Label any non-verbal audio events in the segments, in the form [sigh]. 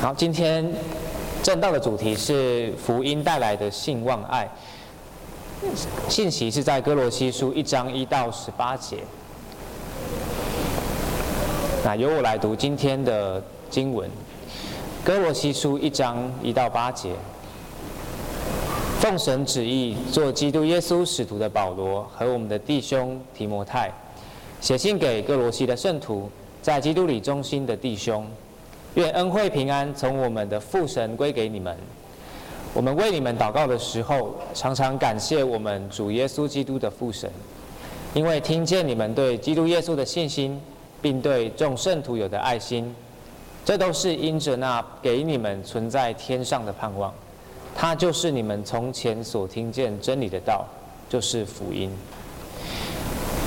好，今天證道的主題是福音帶來的信望愛。信息是在哥羅西書一章一到十八節。那由我來讀今天的經文：哥羅西書一章一到八節。奉神旨意做基督耶穌使徒的保羅和我們的弟兄提摩太，寫信給哥羅西的聖徒，在基督裡忠心的弟兄。願恩惠平安從我們的父神歸給你們。我們為你們禱告的時候，常常感謝我們主耶穌基督的父神，因為聽見你們對基督耶穌的信心，並對眾聖徒有的愛心，這都是因着那給你們存在天上的盼望。他就是你們從前所聽見真理的道，就是福音。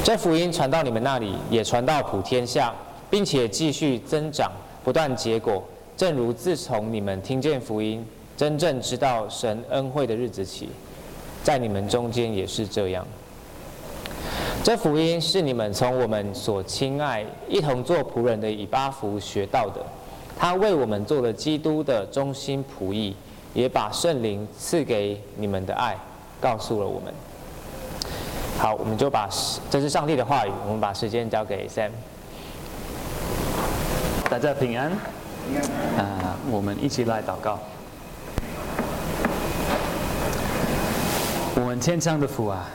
這福音傳到你們那裡，也傳到普天下，並且繼續增長。不斷結果，正如自從你們聽見福音，真正知道神恩惠的日子起，在你們中間也是這樣。這福音是你們從我們所親愛、一同做僕人的以巴弗學到的，他為我們做了基督的忠心僕役，也把聖靈賜給你們的愛告訴了我們。好，我們就把這是上帝的話語，我們把時間交給 Sam。大家平安，啊、呃，我們一起來禱告。我們天上的父啊，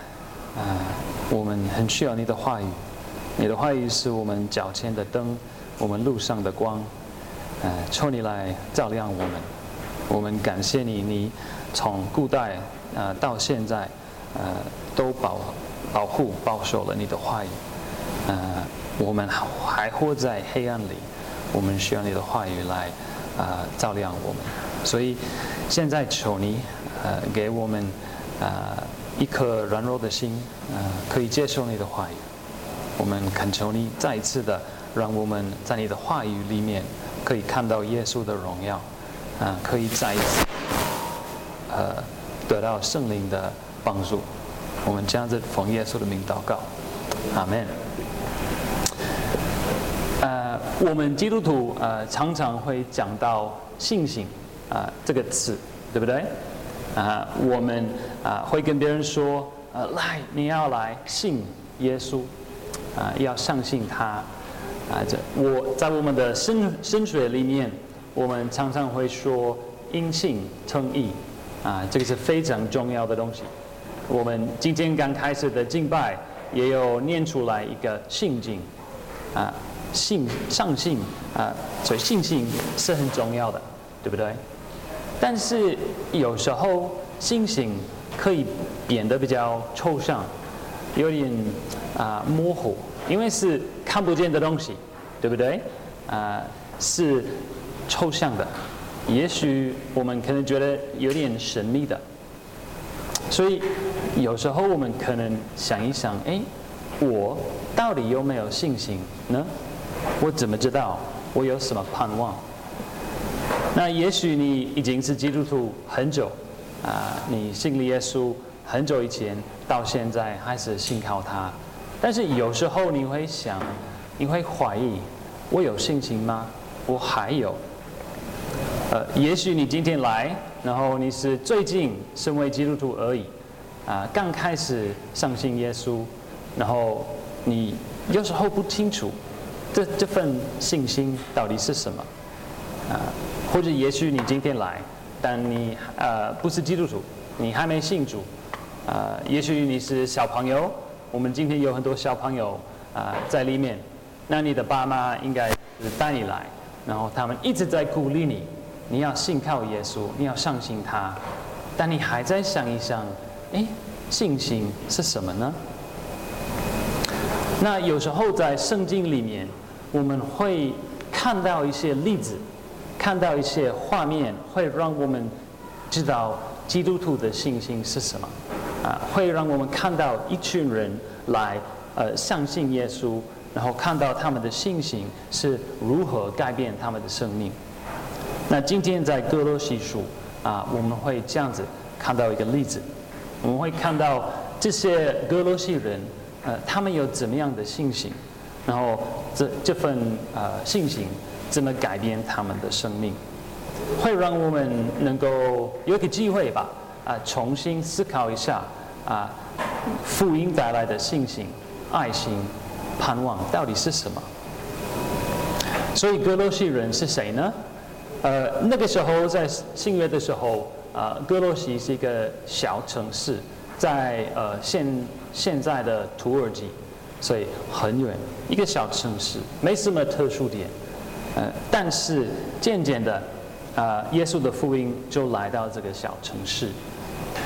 啊、呃，我們很需要你的話語，你的話語是我們腳前的燈，我們路上的光，啊、呃，求你來照亮我們。我們感謝你，你從古代啊、呃、到現在，呃、都保保護保守了你的話語，啊、呃，我們還活在黑暗裡。我們需要你的話語來，啊、呃，照亮我們。所以現在求你，呃，給我們，啊、呃，一顆軟弱的心，啊、呃，可以接受你的話語。我們懇求你再一次的，讓我們在你的話語裡面，可以看到耶穌的榮耀，啊、呃，可以再一次，呃，得到聖靈的幫助。我們這樣子奉耶穌的名禱告，阿門。我們基督徒呃常常會講到信心啊、呃、這個詞，對不對？啊、呃，我們啊、呃、會跟別人說啊、呃、來，你要來信耶穌啊、呃，要相信他啊。這、呃、我在我們的神神學裡面，我們常常會說因信稱義啊、呃，這個是非常重要的東西。我們今天剛開始的敬拜也有念出來一個信經啊。呃信上信啊、呃，所以信心是很重要的，對不對？但是有時候信心可以變得比較抽象，有點啊、呃、模糊，因為是看不見的東西，對不對？啊、呃，是抽象的，也許我們可能覺得有點神秘的，所以有時候我們可能想一想，哎，我到底有沒有信心呢？我怎麼知道我有什麼盼望？那也許你已經是基督徒很久，啊、呃，你信了耶穌很久以前到現在還是信靠他，但是有時候你會想，你會懷疑，我有性情嗎？我還有，呃，也許你今天來，然後你是最近身為基督徒而已，啊、呃，剛開始相信耶穌，然後你有時候不清楚。這這份信心到底是什麼？啊、呃，或者也許你今天來，但你呃不是基督徒，你還沒信主，啊、呃，也許你是小朋友，我們今天有很多小朋友啊、呃、在裡面，那你的爸媽應該是帶你來，然後他們一直在鼓勵你，你要信靠耶穌，你要相信他，但你還在想一想，哎，信心是什麼呢？那有時候在聖經裡面，我們會看到一些例子，看到一些畫面，會讓我們知道基督徒的信心是什麼，啊，會讓我們看到一群人來呃相信耶穌，然後看到他們的信心是如何改變他們的生命。那今天在歌羅西書啊，我們會這樣子看到一個例子，我們會看到這些歌羅西人。呃，他們有怎麼樣的信心？然後這這份呃信心怎麼改變他們的生命？會讓我們能夠有個機會吧？啊、呃，重新思考一下啊、呃，福音帶來的信心、愛心、盼望到底是什麼？所以歌羅西人是誰呢？呃，那個時候在新約的時候，啊、呃，歌羅西是一個小城市，在呃現。現在的土耳其，所以很遠，一個小城市，沒什麼特殊點。呃，但是漸漸的，呃、耶穌的福音就來到這個小城市，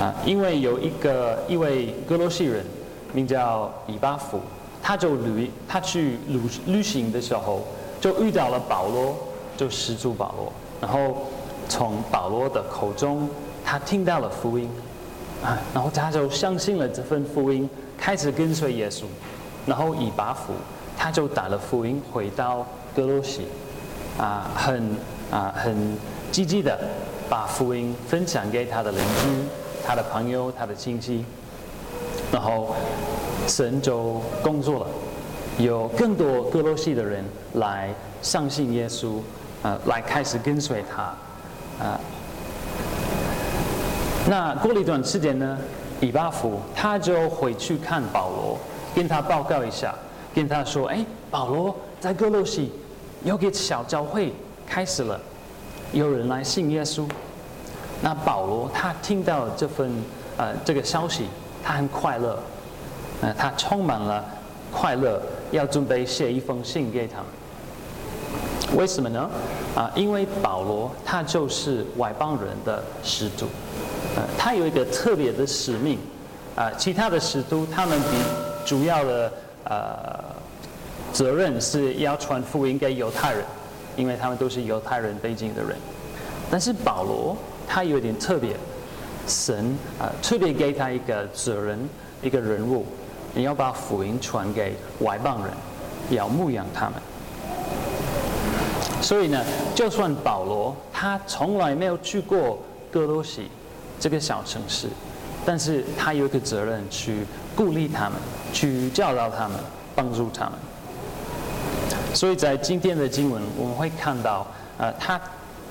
啊、呃，因為有一個一位歌羅西人，名叫以巴弗，他就旅他去旅旅行的時候，就遇到了保羅，就使徒保羅，然後從保羅的口中，他聽到了福音。啊、然後他就相信了這份福音，開始跟隨耶穌。然後以巴弗，他就帶了福音回到歌羅西，啊，很啊很積極的把福音分享給他的鄰居、他的朋友、他的親戚。然後神就工作了，有更多歌羅西的人來相信耶穌，啊，來開始跟隨他，啊。那過了一段時間呢，以巴弗他就回去看保羅，跟他報告一下，跟他說：“哎，保羅，在歌羅西，有個小教會開始了，有人來信耶穌。”那保羅他聽到這份呃這個消息，他很快樂，呃，他充滿了快樂，要準備寫一封信給他們。為什麼呢？啊、呃，因為保羅他就是外邦人的始祖。呃、他有一個特別的使命，啊、呃，其他的使徒他們比主要的呃責任是要傳福音給猶太人，因為他們都是猶太人背景的人。但是保羅他有點特別，神啊、呃、特別給他一個責任，一個人物，你要把福音傳給外邦人，要牧養他們。所以呢，就算保羅他從來沒有去過歌羅西，這個小城市，但是他有一個責任去鼓勵他們，去教導他們，幫助他們。所以在今天的經文，我們會看到，呃，他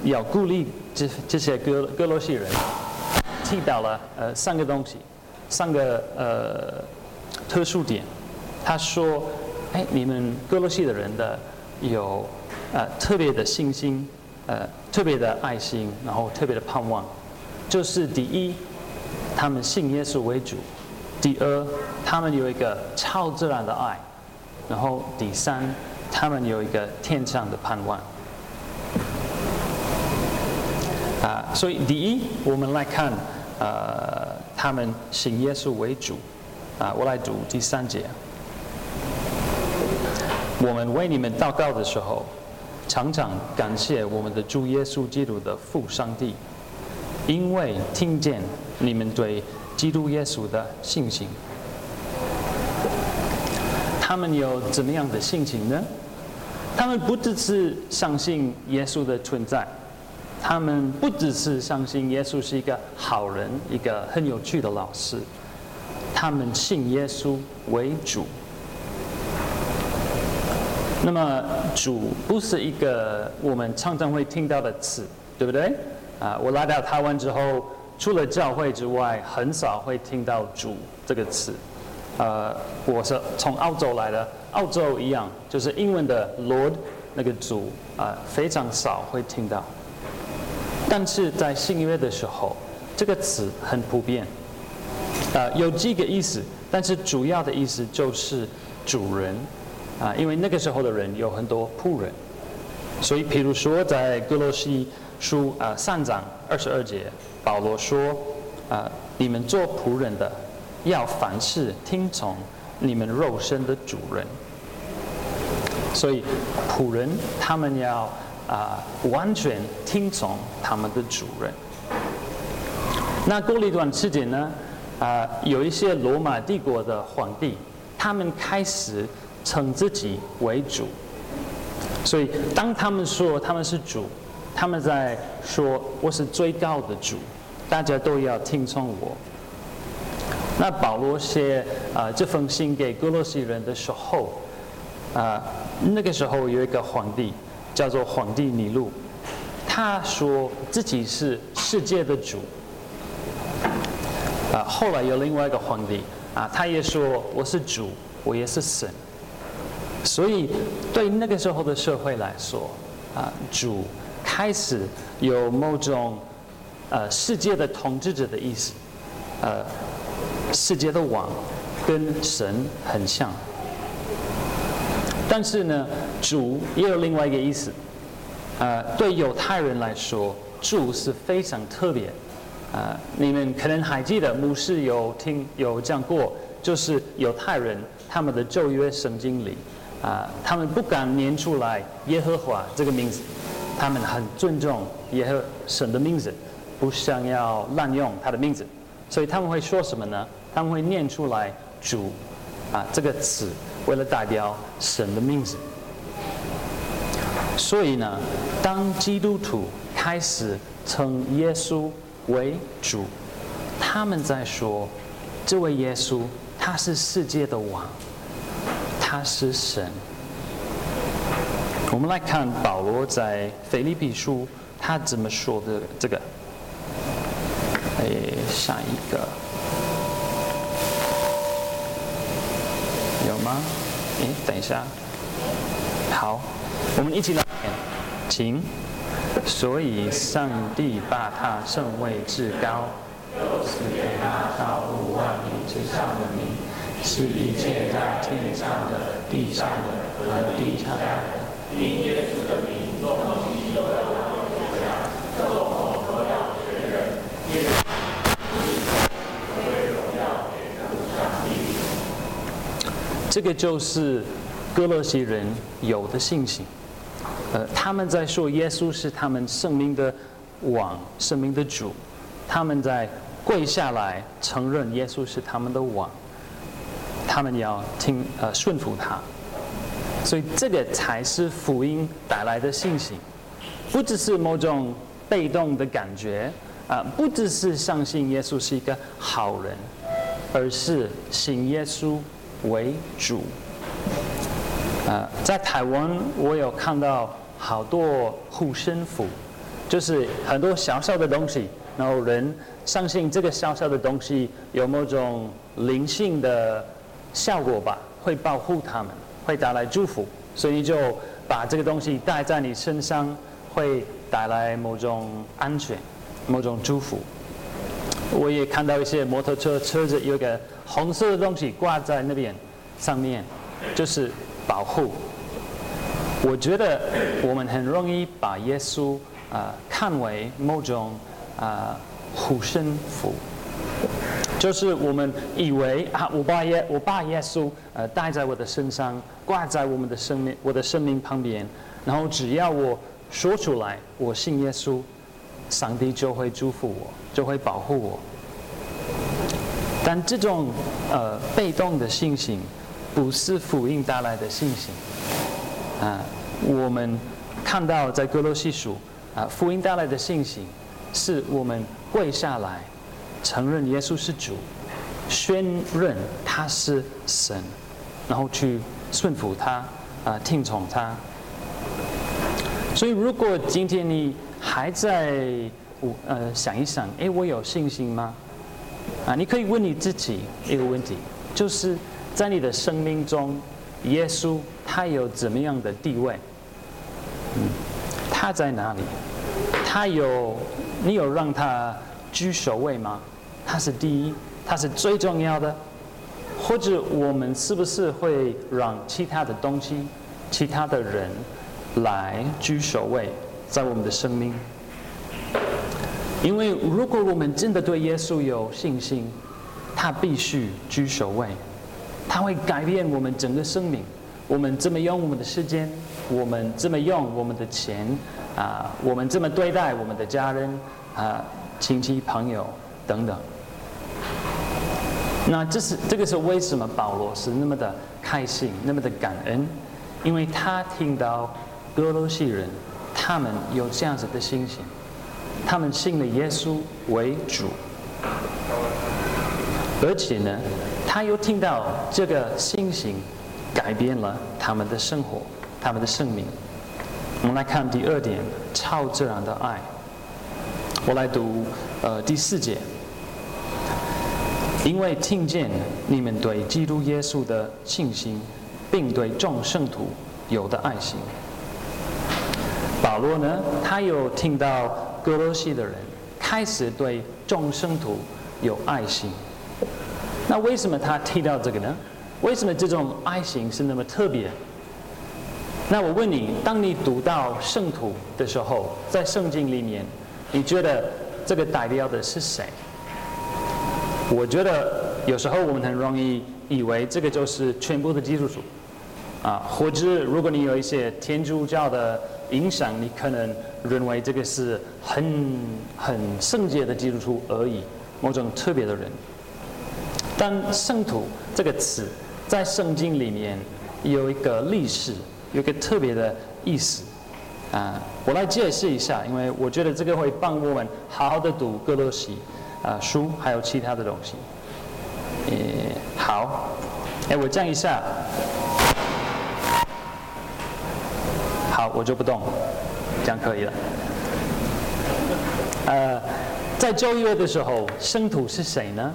要鼓勵這這些歌歌羅西人，提到了呃三個東西，三個呃特殊點。他說，哎，你們歌羅西的人的有呃特別的信心，呃特別的愛心，然後特別的盼望。就是第一，他們信耶穌為主；第二，他們有一個超自然的愛；然後第三，他們有一個天上的盼望。啊，所以第一，我們來看，呃，他們信耶穌為主。啊，我來讀第三節。我們為你們禱告的時候，常常感謝我們的主耶穌基督的父上帝。因為聽見你們對基督耶穌的信心，他們有怎麼樣的信心呢？他們不只是相信耶穌的存在，他們不只是相信耶穌是一個好人，一個很有趣的老師，他們信耶穌為主。那麼，主不是一個我們常常會聽到的詞，對不對？啊，我來到台灣之後，除了教會之外，很少會聽到“主”這個詞。呃、啊，我是從澳洲來的，澳洲一樣，就是英文的 “Lord” 那個“主”，啊，非常少會聽到。但是在新約的時候，這個詞很普遍，啊，有幾個意思，但是主要的意思就是主人，啊，因為那個時候的人有很多僕人，所以比如說在歌羅西。書啊、呃，上章二十二節，保羅說：“啊、呃，你們做僕人的，要凡事聽從你們肉身的主人。”所以，僕人他們要啊、呃，完全聽從他們的主人。那過了段時間呢，啊、呃，有一些羅馬帝國的皇帝，他們開始稱自己為主。所以，當他們說他們是主。他們在說，我是最高的主，大家都要聽從我。那保羅寫啊、呃、這封信給歌羅西人的時候，啊、呃、那個時候有一個皇帝叫做皇帝尼祿，他說自己是世界的主。啊、呃、後來有另外一個皇帝啊、呃、他也說，我是主，我也是神。所以對那個時候的社會來說，啊、呃、主開始有某種呃世界的統治者的意思，呃世界的王跟神很像，但是呢，主也有另外一個意思，呃對猶太人來說，主是非常特別，啊、呃、你們可能還記得牧師有聽有講過，就是猶太人他們的舊約聖經裡啊、呃、他們不敢念出來耶和華這個名字。他們很尊重耶和神的名字，不想要濫用他的名字，所以他們會說什麼呢？他們會念出來“主”，啊這個詞，為了代表神的名字。所以呢，當基督徒開始稱耶穌為主，他們在說，這位耶穌他是世界的王，他是神。我們來看保羅在腓立比書，他怎麼說的這個誒、哎、下一個有嗎？誒、哎、等一下，好，我們一起來請。所以上帝，他為上帝把他升為至高，就是給他超乎萬名之上的名，是一切在天上的、地上的和地下的這個就是歌羅西人有的信心。呃，他們在說耶穌是他們生命的王、生命的主，他們在跪下來承認耶穌是他們的王，他們要聽呃順服他。所以，這個才是福音帶來的信心，不只是某種被動的感覺啊，呃，不只是相信耶穌是一個好人，而是信耶穌為主。呃，在台灣，我有看到好多護身符，就是很多小小的東西，然後人相信這個小小的東西有某種靈性的效果吧，會保護他們。會帶來祝福，所以就把這個東西帶在你身上，會帶來某種安全，某種祝福。我也看到一些摩托車車子有個紅色的東西掛在那邊上面，就是保護。我覺得我們很容易把耶穌啊、呃、看為某種啊護身符。呃就是我們以為啊，我把耶我把耶穌呃帶在我的身上，掛在我們的生命我的生命旁邊，然後只要我說出來我信耶穌，上帝就會祝福我，就會保護我。但這種呃被動的信心，不是福音帶來的信心啊、呃。我們看到在歌羅西書，啊、呃，福音帶來的信心，是我們跪下來。承認耶穌是主，宣認他是神，然後去順服他，啊、呃，聽從他。所以，如果今天你還在我呃想一想，哎，我有信心嗎？啊，你可以問你自己一個問題，就是在你的生命中，耶穌他有怎麼樣的地位？嗯，他在哪裡？他有你有讓他居首位嗎？他是第一，他是最重要的，或者我們是不是會讓其他的東西、其他的人來居首位，在我們的生命？因為如果我們真的對耶穌有信心，他必須居首位，他會改變我們整個生命。我們怎麼用我們的時間？我們怎麼用我們的錢？啊、呃，我們怎麼對待我們的家人啊、呃、親戚朋友？等等，那這是這個是為什麼保羅是那麼的開心，那麼的感恩？因為他聽到歌羅西人他們有這樣子的信心，他們信了耶穌為主，而且呢，他又聽到這個信心改變了他們的生活，他們的生命。我們來看第二點，超自然的愛。我來讀呃第四節。因為聽見你們對基督耶穌的信心，並對眾聖徒有的愛心，保羅呢，他有聽到歌羅西的人開始對眾聖徒有愛心。那為什麼他提到這個呢？為什麼這種愛心是那麼特別？那我問你，當你讀到聖徒的時候，在聖經裡面，你覺得這個代表的是誰？我覺得有時候我們很容易以為這個就是全部的基督徒，啊，或者如果你有一些天主教的影響，你可能認為這個是很很聖潔的基督徒而已，某種特別的人。但“聖徒”這個詞在聖經裡面有一個歷史，有一個特別的意思，啊，我來解釋一下，因為我覺得這個會幫我們好好的讀歌羅西。啊、呃，書還有其他的東西。欸、好，哎、欸，我站一下。好，我就不動了，這樣可以了。 [laughs] 呃，在正月的時候，聖徒是誰呢？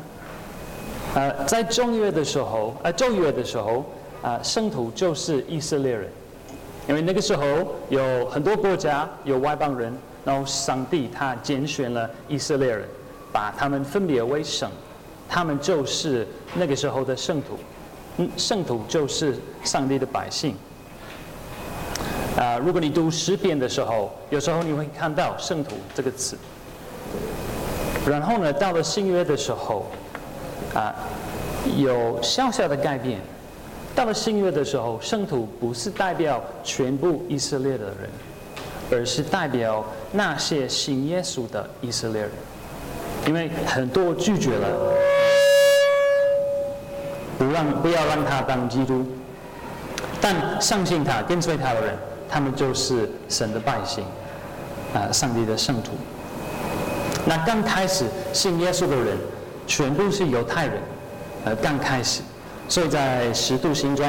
呃，在正月的時候，啊、呃，正月的時候，啊、呃，聖徒就是以色列人，因為那個時候有很多國家有外邦人，然後上帝他揀選了以色列人。把他們分別為聖，他們就是那個時候的聖徒，嗯，聖徒就是上帝的百姓。啊、呃，如果你讀詩篇的時候，有時候你會看到“聖徒”這個詞。然後呢，到了新約的時候，啊、呃，有小小的改變。到了新約的時候，聖徒不是代表全部以色列的人，而是代表那些信耶穌的以色列人。因為很多拒絕了，不讓不要讓他當基督，但相信他跟隨他的人，他們就是神的百姓，啊、呃，上帝的聖徒。那剛開始信耶穌的人，全部是猶太人，呃，剛開始，所以在使徒行傳，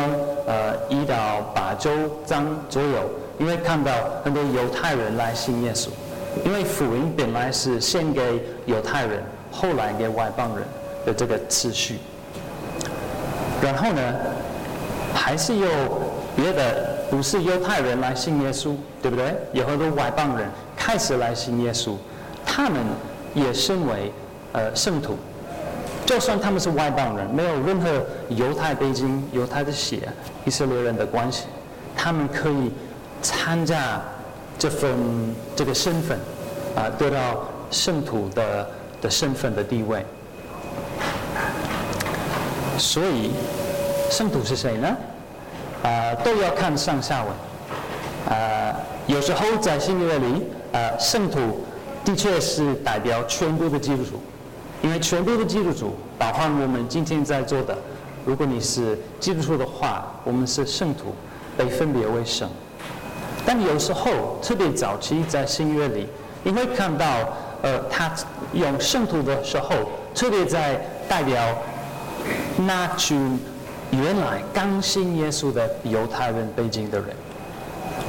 呃，一到八周，章左右，因為看到很多猶太人來信耶穌。因為福音本來是先給猶太人，後來給外邦人的這個次序。然後呢，還是有別的不是猶太人來信耶穌，對不對？有很多外邦人開始來信耶穌，他們也身為呃聖徒，就算他們是外邦人，沒有任何猶太背景、猶太的血、以色列人的關係，他們可以參加。這份這個身份，啊、呃，得到聖徒的的身份的地位。所以，聖徒是誰呢？啊、呃，都要看上下文。啊、呃，有時候在經文裡，啊、呃，聖徒的確是代表全部的基督徒，因為全部的基督徒包含我們今天在座的。如果你是基督徒的話，我們是聖徒，被分別為聖。但有時候，特別早期在新約裡，你會看到，呃，他用聖徒的時候，特別在代表那群原來剛信耶穌的猶太人背景的人。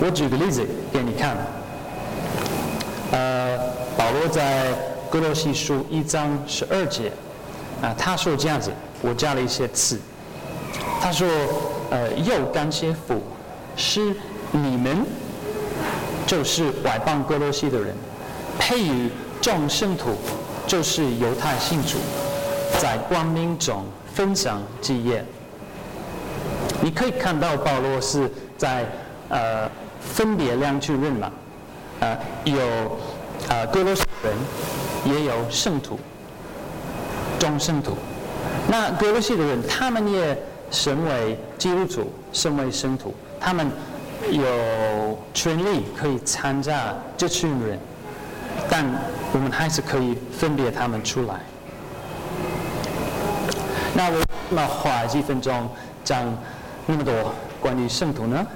我舉個例子給你看。呃，保羅在歌羅西書一章十二節，啊、呃，他說這樣子，我加了一些詞，他說，呃，又感謝父，是你們。就是外邦歌羅西的人，配與眾聖徒，就是猶太信主，在光明中分享基業。你可以看到保羅是在呃分別兩群人嘛，呃有啊、呃、歌羅西的人，也有聖徒，眾聖徒。那歌羅西的人，他們也身為基督徒，身為聖徒，他們。有權利可以參加這群人，但我們還是可以分別他們出來。那我那花幾分鐘講那麼多關於聖徒呢？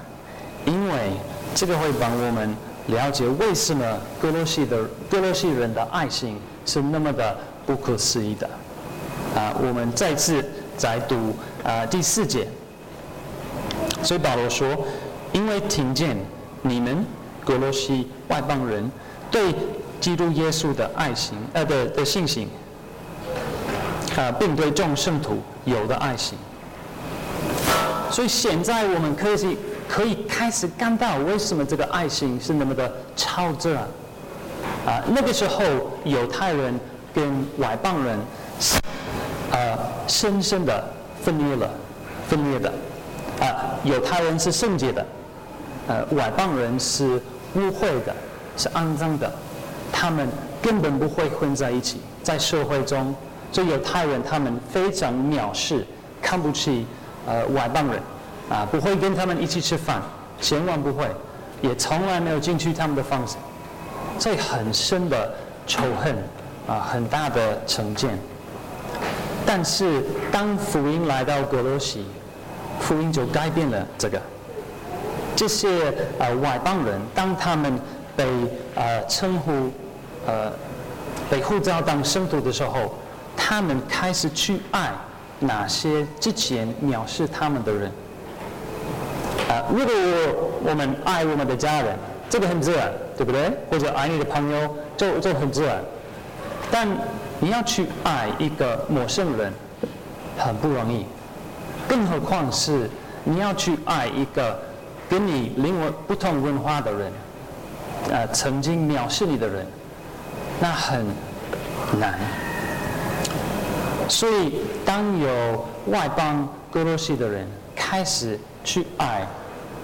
因為這個會幫我們了解為什麼哥羅西的哥羅西人的愛心是那麼的不可思議的。啊，我們再次再讀啊，呃，第四節。所以保羅說。因為聽見你們歌羅西外邦人對基督耶穌的愛心，呃的的信心，啊、呃，並對眾聖徒有的愛心，所以現在我們可以可以開始看到為什麼這個愛心是那麼的超自然、啊，啊、呃，那個時候猶太人跟外邦人是呃深深的分裂了，分裂的，啊、呃，猶太人是聖潔的。呃，外邦人是污穢的，是骯髒的，他們根本不會混在一起，在社會中，就猶太人他們非常藐視、看不起呃外邦人，啊、呃，不會跟他們一起吃飯，千萬不會，也從來沒有進去他們的房子，這很深的仇恨啊、呃，很大的成見。但是當福音來到歌羅西，福音就改變了這個。這些呃外邦人，當他們被呃稱呼呃被呼召當聖徒的時候，他們開始去愛那些之前藐視他們的人。啊、呃，如果我我們愛我們的家人，這個很自然，對不對？或者愛你的朋友，就就很自然。但你要去愛一個陌生人，很不容易。更何況是你要去愛一個。跟你靈魂不同文化的人，呃，曾經藐視你的人，那很難。所以，當有外邦歌羅西的人開始去愛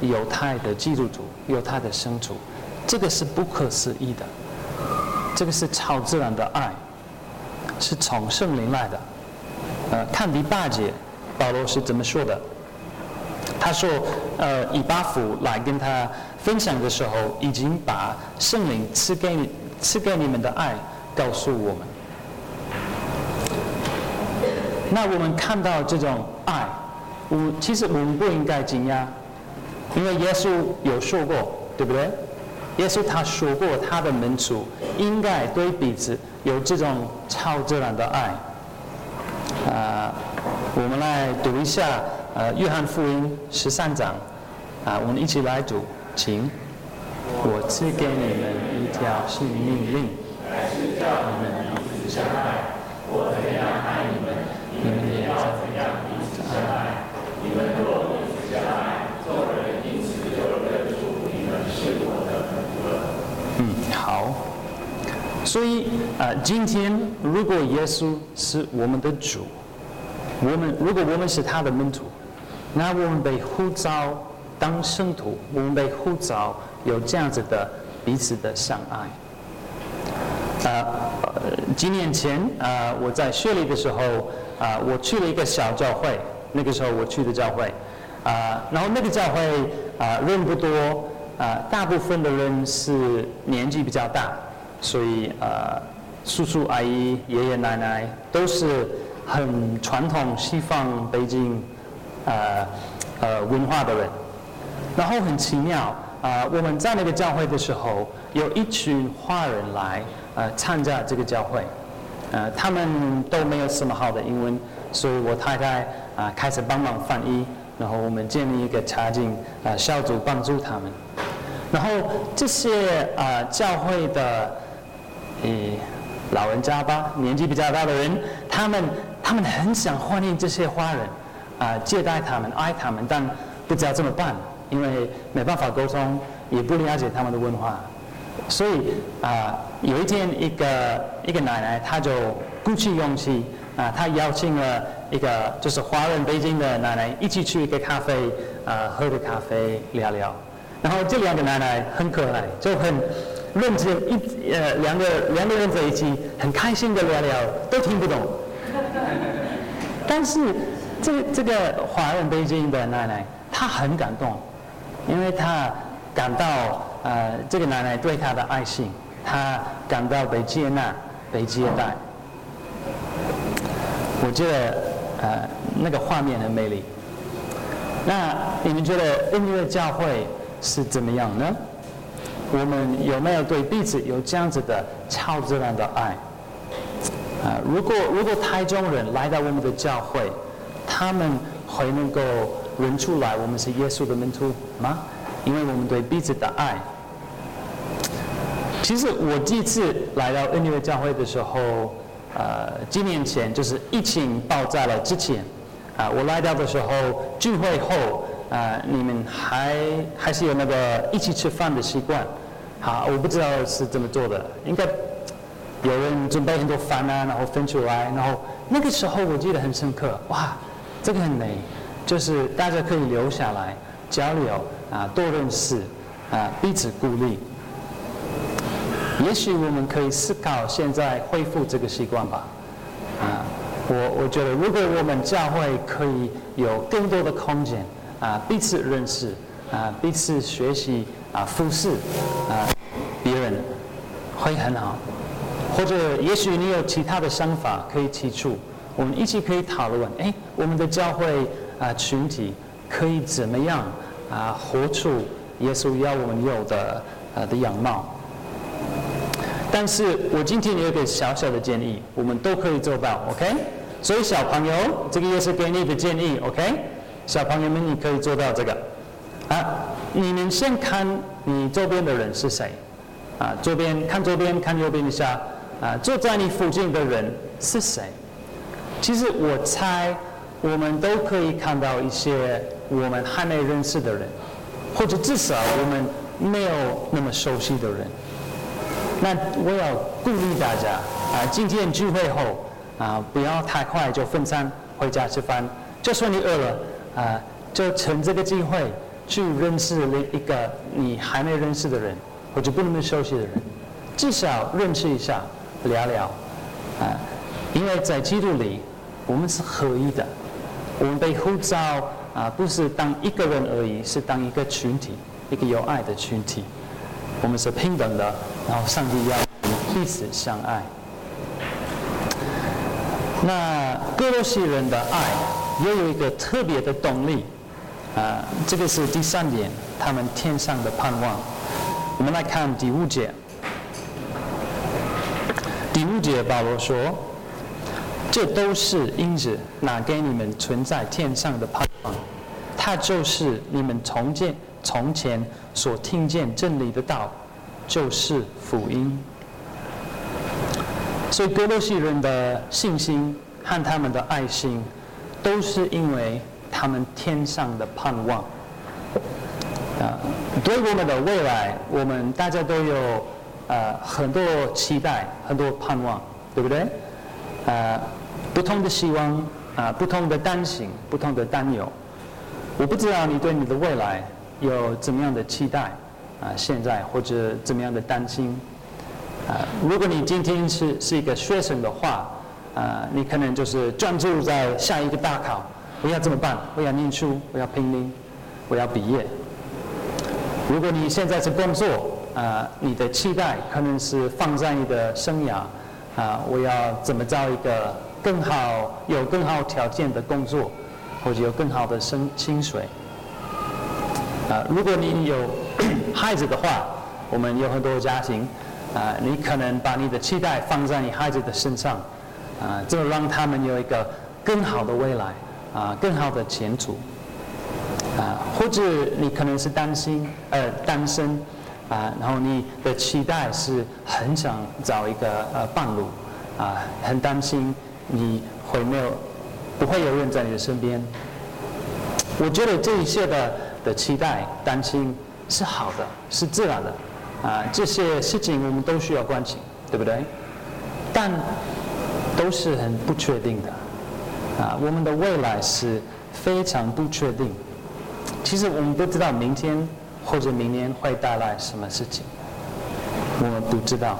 猶太的基督徒、猶太的聖徒，這個是不可思議的，這個是超自然的愛，是從聖靈來的。呃，看第八節，保羅是怎麼說的？他說：“呃，以巴弗來跟他分享的時候，已經把聖靈賜給賜給你們的愛告訴我們。那我們看到這種愛，我其實我們不應該驚訝，因為耶穌有說過，對不對？耶穌他說過，他的門徒應該對彼此有這種超自然的愛。啊、呃，我們來讀一下。”呃，約翰福音十三章，啊、呃，我們一起來讀，請。我賜給你們一條新命令。嗯，好。所以，啊、呃，今天如果耶穌是我們的主，我們如果我們是他的門徒。那我們被呼召當聖徒，我們被呼召有這樣子的彼此的相愛。啊、呃，幾年前啊、呃，我在雪梨的時候啊、呃，我去了一個小教會，那個時候我去的教會啊、呃，然後那個教會啊、呃、人不多啊、呃，大部分的人是年紀比較大，所以啊、呃、叔叔阿姨爺爺奶奶都是很傳統西方背景呃，呃，文化的人，然後很奇妙啊、呃，我們在那個教會的時候，有一群華人來呃參加這個教會，呃，他們都沒有什麼好的英文，所以我太太啊、呃、開始幫忙翻譯，然後我們建立一個查經啊、呃、小組幫助他們，然後這些啊、呃、教會的，呃，老人家吧，年紀比較大的人，他們他們很想歡迎這些華人。啊，接待他們，愛他們，但不知道怎麼辦，因為沒辦法溝通，也不了解他們的文化，所以啊、呃，有一天一個一個奶奶，她就鼓起勇氣啊、呃，她邀請了一個就是華人北京的奶奶一起去一個咖啡啊、呃，喝個咖啡聊聊，然後這兩個奶奶很可愛，就很認真一呃兩個兩個人在一起很開心的聊聊，都聽不懂，但是。這個這個華人北京的奶奶，她很感動，因為她感到呃這個奶奶對她的愛心，她感到被接納被接待。我覺得呃那個畫面很美麗。那你們覺得我們的教會是怎麼樣呢？我們有沒有對彼此有這樣子的超自然的愛？啊、呃，如果如果台中人來到我們的教會。他們會能夠認出來我們是耶穌的門徒嗎？因為我們對彼此的愛。其實我第一次來到恩尼維教會的時候，呃，幾年前就是疫情爆炸了之前，啊、呃，我來到的時候聚會後啊、呃，你們還還是有那個一起吃飯的習慣。好、啊，我不知道是怎麼做的，應該有人準備很多飯啊，然後分出來，然後那個時候我記得很深刻，哇！這個很美，就是大家可以留下來交流啊，多認識啊，彼此鼓勵。也許我們可以思考現在恢復這個習慣吧。啊，我我覺得如果我們教會可以有更多的空間啊，彼此認識啊，彼此學習啊，服侍啊，別人會很好。或者，也許你有其他的想法可以提出。我們一起可以討論，哎，我們的教會啊、呃、群體可以怎麼樣啊、呃、活出耶穌要我們有的啊、呃、的樣貌？但是我今天有一個小小的建議，我們都可以做到，OK？所以小朋友，這個也是給你的建議，OK？小朋友們，你可以做到這個啊？你們先看你周邊的人是誰啊？周邊看周邊，看周邊，看右邊一下啊，坐在你附近的人是誰？其實我猜，我們都可以看到一些我們還沒認識的人，或者至少我們沒有那麼熟悉的人。那我要鼓勵大家啊，今天聚會後啊，不要太快就分散回家吃飯。就算你餓了啊，就趁這個機會去認識了一個你還沒認識的人，或者不那麼熟悉的人，至少認識一下聊聊啊，因為在基督裡。我們是合一的，我們被呼召啊、呃，不是當一個人而已，是當一個群體，一個有愛的群體。我們是平等的，然後上帝要我們彼此相愛。那歌羅西人的愛也有一個特別的動力啊、呃，這個是第三點，他們天上的盼望。我們來看第五節，第五節保羅說。這都是因此那給你們存在天上的盼望，它就是你們從前從前所聽見真理的道，就是福音。所以歌羅西人的信心和他們的愛心，都是因為他們天上的盼望。啊、uh，對我們的未來，我們大家都有呃很多期待，很多盼望，對不對？啊、uh,。不同的希望啊，不同的擔心，不同的擔憂。我不知道你對你的未來有怎麼樣的期待啊，現在或者怎麼樣的擔心啊。如果你今天是是一個學生的話，啊，你可能就是專注在下一個大考。我要怎麼辦？我要念書，我要拼命，我要畢業。如果你現在是工作啊，你的期待可能是放在你的生涯啊，我要怎麼造一個。更好，有更好條件的工作，或者有更好的生薪水，呃。如果你有 [coughs] 孩子的話，我們有很多家庭，啊、呃，你可能把你的期待放在你孩子的身上，啊、呃，就讓他們有一個更好的未來，啊、呃，更好的前途。啊、呃，或者你可能是擔心，呃，單身，啊、呃，然後你的期待是很想找一個呃伴侶，啊、呃，很擔心。你會沒有，不會永遠在你的身邊。我覺得這一切的的期待、擔心是好的，是自然的，啊，這些事情我們都需要關心，對不對？但都是很不確定的，啊，我們的未來是非常不確定。其實我們不知道明天或者明年會帶來什麼事情，我們不知道。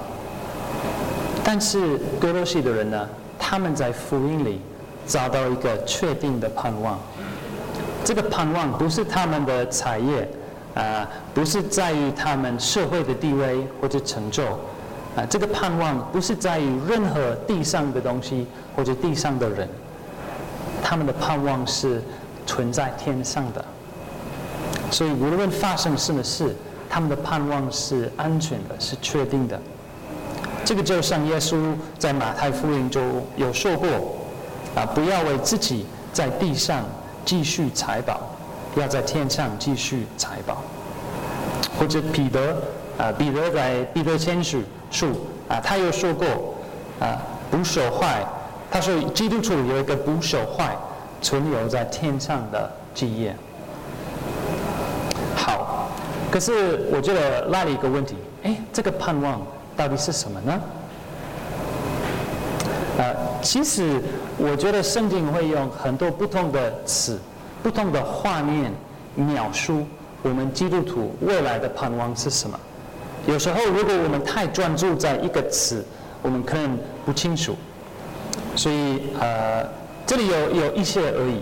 但是歌羅西的人呢？他們在福音裡找到一個確定的盼望，這個盼望不是他們的產業，啊、呃，不是在於他們社會的地位或者成就，啊、呃，這個盼望不是在於任何地上的東西或者地上的人，他們的盼望是存在天上的，所以無論發生什麼事，他們的盼望是安全的，是確定的。這個就像耶穌在馬太福音中有說過，啊，不要為自己在地上積蓄財寶，要在天上積蓄財寶。或者彼得啊，彼得在彼得前書書啊，他又說過啊，不朽壞。他說，基督徒有一個不朽壞存留在天上的基業。好，可是我覺得那裡一個問題，哎，這個盼望。到底是什麼呢？呃，其實我覺得聖經會用很多不同的詞、不同的畫面描述我們基督徒未來的盼望是什麼。有時候，如果我們太專注在一個詞，我們可能不清楚。所以，呃，這裡有有一些而已。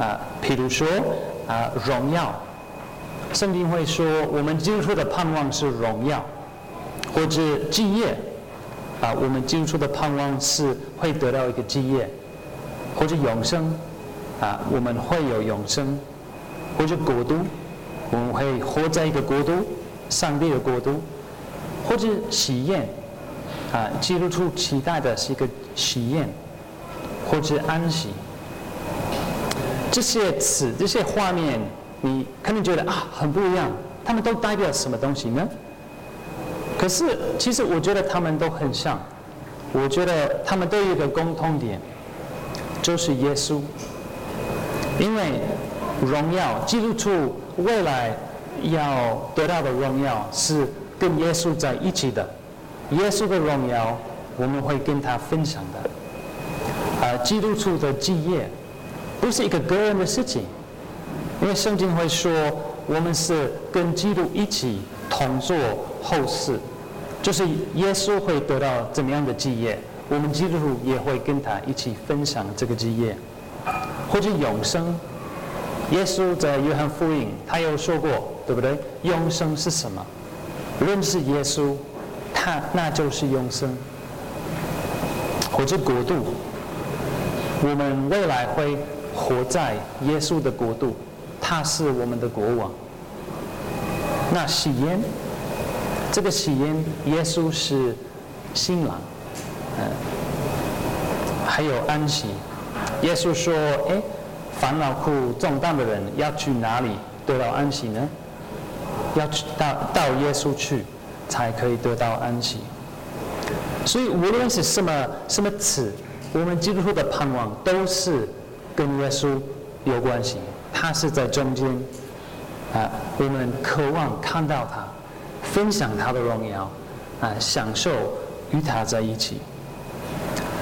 啊、呃，比如說，啊、呃，榮耀，聖經會說我們基督徒的盼望是榮耀。或者基業，啊，我們基督的盼望是會得到一個基業；或者永生，啊，我們會有永生；或者國度，我們會活在一個國度，上帝的國度；或者喜宴，啊，基督期待的是一個喜宴；或者安息，這些詞、這些畫面，你可能覺得啊很不一樣，他們都代表什麼東西呢？可是，其實我覺得他們都很像。我覺得他們都有一個共通點，就是耶穌。因為榮耀，基督徒未來要得到的榮耀是跟耶穌在一起的。耶穌的榮耀，我們會跟他分享的。啊，基督徒的基業，不是一個個人的事情，因為聖經會說，我們是跟基督一起同坐。後世，就是耶穌會得到怎麼樣的基業？我們基督徒也會跟他一起分享這個基業，或者永生。耶穌在約翰福音，他又說過，對不對？永生是什麼？認識耶穌，他那就是永生。或者國度，我們未來會活在耶穌的國度，他是我們的國王。那喜宴。這個喜宴，耶穌是新郎，呃，還有安息。耶穌說：“哎，煩惱苦重擔的人要去哪裡得到安息呢？要去到到耶穌去，才可以得到安息。所以無論是什麼什麼詞，我們基督徒的盼望都是跟耶穌有關係，他是在中間啊，呃，我們渴望看到他。”分享他的榮耀，啊、呃，享受與他在一起，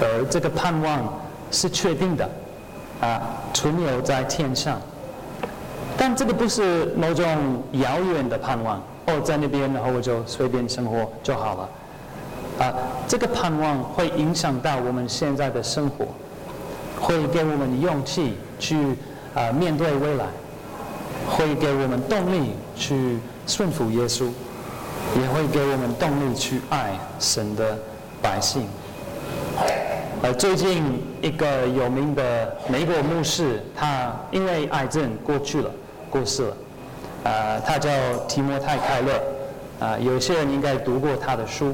而這個盼望是確定的，啊、呃，存留在天上。但這個不是某種遙遠的盼望，哦，在那邊，然後我就隨便生活就好了，啊、呃，這個盼望會影響到我們現在的生活，會給我們勇氣去啊、呃、面對未來，會給我們動力去順服耶穌。也會給我們動力去愛神的百姓。呃，最近一個有名的美國牧師，他因為癌症過去了，過世了。啊、呃，他叫提摩太·凱勒。啊，有些人應該讀過他的書。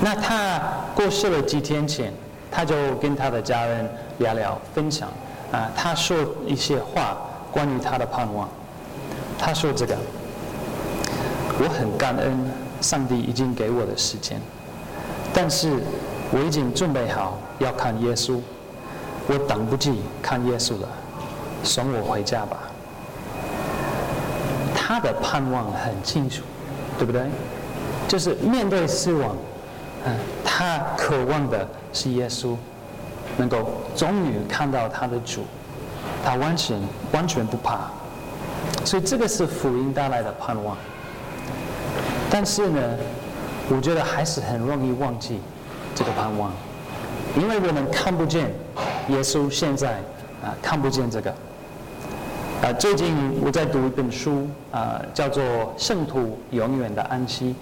那他過世了幾天前，他就跟他的家人聊聊分享。啊、呃，他說一些話關於他的盼望。他說這個。我很感恩上帝已經給我的時間，但是我已經準備好要看耶穌，我等不及看耶穌了，送我回家吧。他的盼望很清楚，對不對？就是面對死亡，嗯，他渴望的是耶穌能夠終於看到他的主，他完全完全不怕，所以這個是福音帶來的盼望。但是呢，我覺得還是很容易忘記這個盼望，因為我們看不見耶穌現在啊、呃，看不見這個。啊、呃，最近我在讀一本書啊、呃，叫做《聖徒永遠的安息》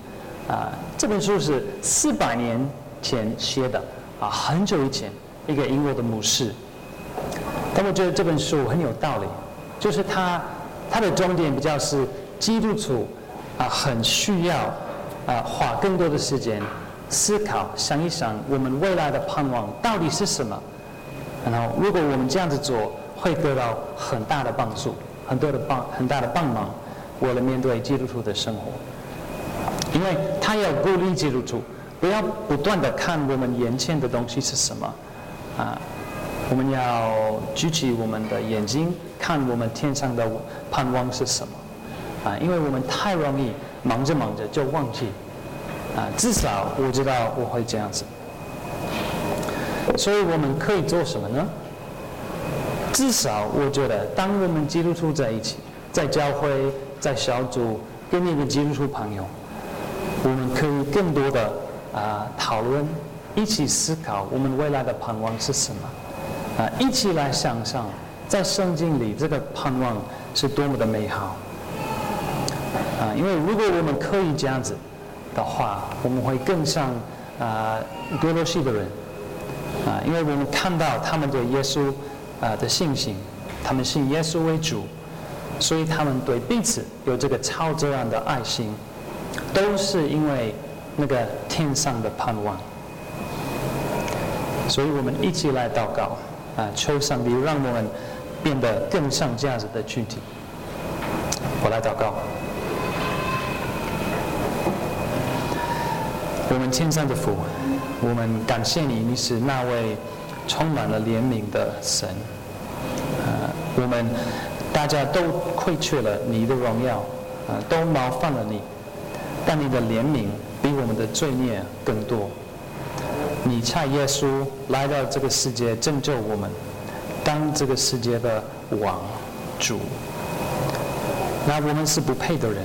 啊、呃，這本書是四百年前寫的啊、呃，很久以前一個英國的牧師。但我覺得這本書很有道理，就是它它的終點比較是基督徒。啊，很需要啊，花更多的時間思考，想一想我們未來的盼望到底是什麼？然後，如果我們這樣子做，會得到很大的幫助，很多的幫，很大的幫忙，為了面對基督徒的生活。因為他要鼓勵基督徒，不要不斷的看我們眼前的東西是什麼啊，我們要舉起我們的眼睛，看我們天上的盼望是什麼。啊，因為我們太容易忙着忙着就忘記，啊，至少我知道我會這樣子。所以我們可以做什麼呢？至少我覺得，當我們基督徒在一起，在教會、在小組，跟你的基督徒朋友，我們可以更多的啊討論，一起思考我們未來的盼望是什麼，啊，一起來想想，在聖經裡這個盼望是多麼的美好。啊，因為如果我們可以這樣子的話，我們會更像啊歌羅西的人啊，因為我們看到他們對耶穌啊的信心，他們信耶穌為主，所以他們對彼此有這個超自然的愛心，都是因為那個天上的盼望。所以我們一起來禱告啊，求上帝讓我們變得更像這樣子的群體。我來禱告。我們天上的父，我們感謝你，你是那位充滿了憐憫的神。呃，我們大家都虧缺了你的榮耀，啊、呃，都冒犯了你，但你的憐憫比我們的罪孽更多。你差耶穌來到這個世界拯救我們，當這個世界的王、主。那我們是不配的人，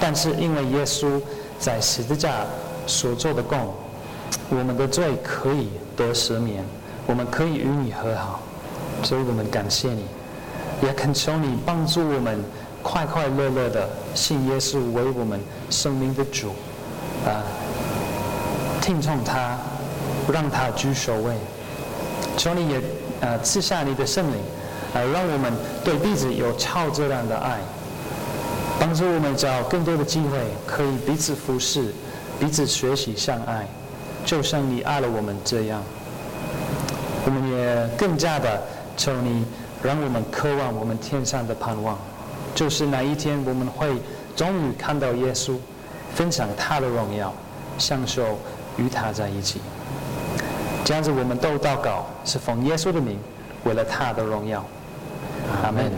但是因為耶穌在十字架所做的工，我們的罪可以得赦免，我們可以與你和好，所以我們感謝你，也懇求你幫助我們快快樂樂的信耶穌為我們生命的主，啊，聽從他，讓他居首位，求你也呃賜下你的聖靈，啊讓我們對彼此有超自然的愛，幫助我們找更多的機會可以彼此服侍。彼此學習相愛，就像你愛了我們這樣，我們也更加的求你，讓我們渴望我們天上的盼望，就是那一天我們會終於看到耶穌，分享他的榮耀，享受與他在一起。這樣子我們都禱告，是奉耶穌的名，為了他的榮耀。阿門。